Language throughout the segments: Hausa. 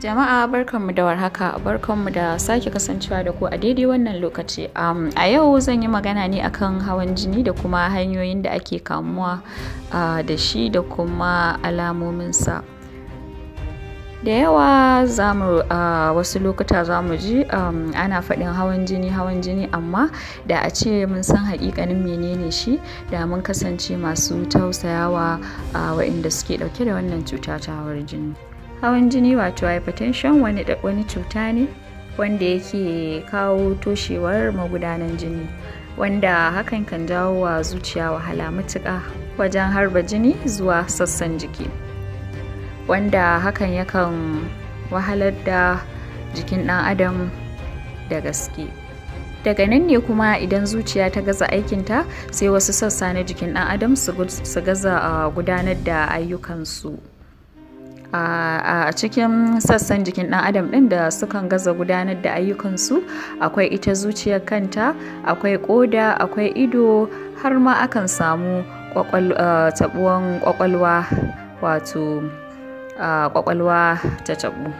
Jama'a barkanmu da warhaka, barkanmu da sake kasancewa da ku a daidai wannan lokaci. Um, a yau zan yi magana ne akan hawan jini da kuma hanyoyin da ake kamuwa uh, da shi da kuma alamominsa. Da yawa za uh, wasu lokuta za mu ji um, ana faɗin hawan jini hawan jini amma da a ce mun san haƙiƙanin menene shi da mun kasance masu tausayawa uh, waɗanda suke ɗauke da wannan cuta ta hawar jini. hawan jini wato hypertension wani wani cuta ne wanda yake kawo toshewar magudanan jini wanda hakan kan jawo wa zuciya wahala matuka wajen harba jini zuwa sassan jiki wanda hakan yakan wahalar da jikin ɗan adam da gaske daga nan ne kuma idan zuciya ta gaza aikinta sai wasu sassa na jikin ɗan adam su gaza ah, gudanar da ayyukansu. a cikin sassan jikin ɗan adam ɗin da sukan gaza gudanar da ayyukansu akwai ita zuciyar kanta akwai ƙoda akwai ido har ma akan samu taɓuwan ƙwaƙwalwa wato ƙwaƙwalwa ta taɓu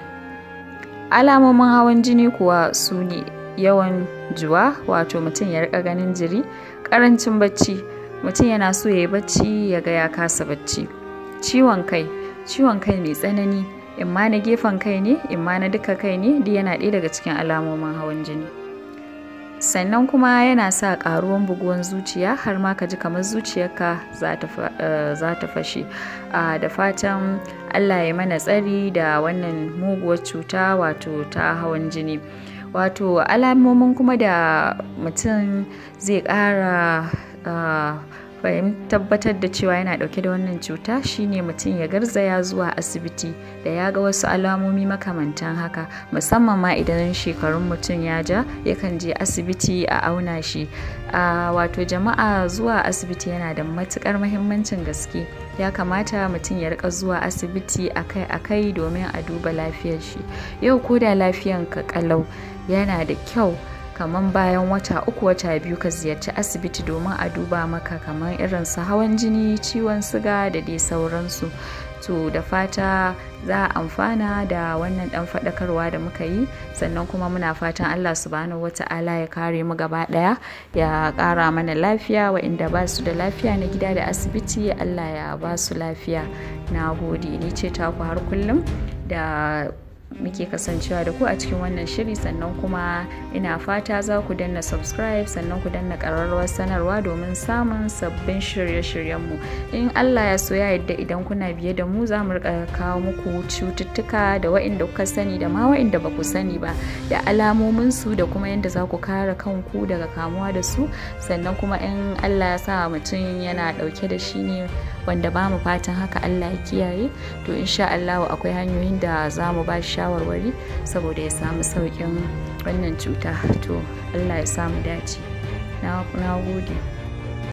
alamomin hawan jini kuwa su ne yawan juwa wato mutum ya rika ganin jiri ƙarancin bacci mutum yana so ya yi bacci ya ga ya kasa bacci ciwon kai ciwon kai mai tsanani imma na gefen kai ne imma na duka kai ne duk yana ɗaya daga cikin alamomin hawan jini sannan kuma yana sa ƙaruwan buguwan zuciya har ma ka ji kamar zuciyarka za ta eh, fashe da fatan allah ya mana tsari da wannan muguwar cuta wato ta hawan jini wato alamomin kuma da mutum zai ƙara ah, bayan tabbatar da cewa yana dauke da wannan cuta shine mutum ya garzaya zuwa asibiti da ya ga wasu alamomi makamantan haka musamman ma idan shekarun mutum ya ja yakan je asibiti a auna shi a wato jama'a zuwa asibiti yana da matukar mahimmancin gaske ya kamata mutum ya rika zuwa asibiti akai-akai domin a duba lafiyar shi yau ko da lafiyanka kalau yana da kyau kamar bayan wata uku wata biyu ka ziyarci asibiti domin a duba maka kamar irin su hawan jini ciwon siga da dai sauransu to da fata za a amfana da wannan dan faɗakarwa da muka yi sannan kuma muna fatan allah su subhanahu ta'ala ya kare mu gaba ɗaya ya ƙara mana lafiya wa'inda ba su da lafiya na gida da asibiti allah ya ba su lafiya na gode ni ce taku har kullum da muke kasancewa da ku a cikin wannan shiri sannan kuma ina fata za ku danna subscribe sannan ku danna ƙararrawar sanarwa domin samun sabbin shirye-shiryenmu in allah ya so ya yadda idan kuna biye da mu za mu rika kawo muku cututtuka da wa'inda kuka sani da ma wa'inda ba ku sani ba da alamomin su da kuma yadda za ku kare kanku daga kamuwa da su sannan kuma in allah ya sa mutum yana ɗauke da shi ne wanda ba mu fatan haka Allah ya kiyaye to insha Allah akwai hanyoyin da za mu ba shi shawarwari saboda ya samu sauƙin wannan cuta to Allah ya samu dace na gode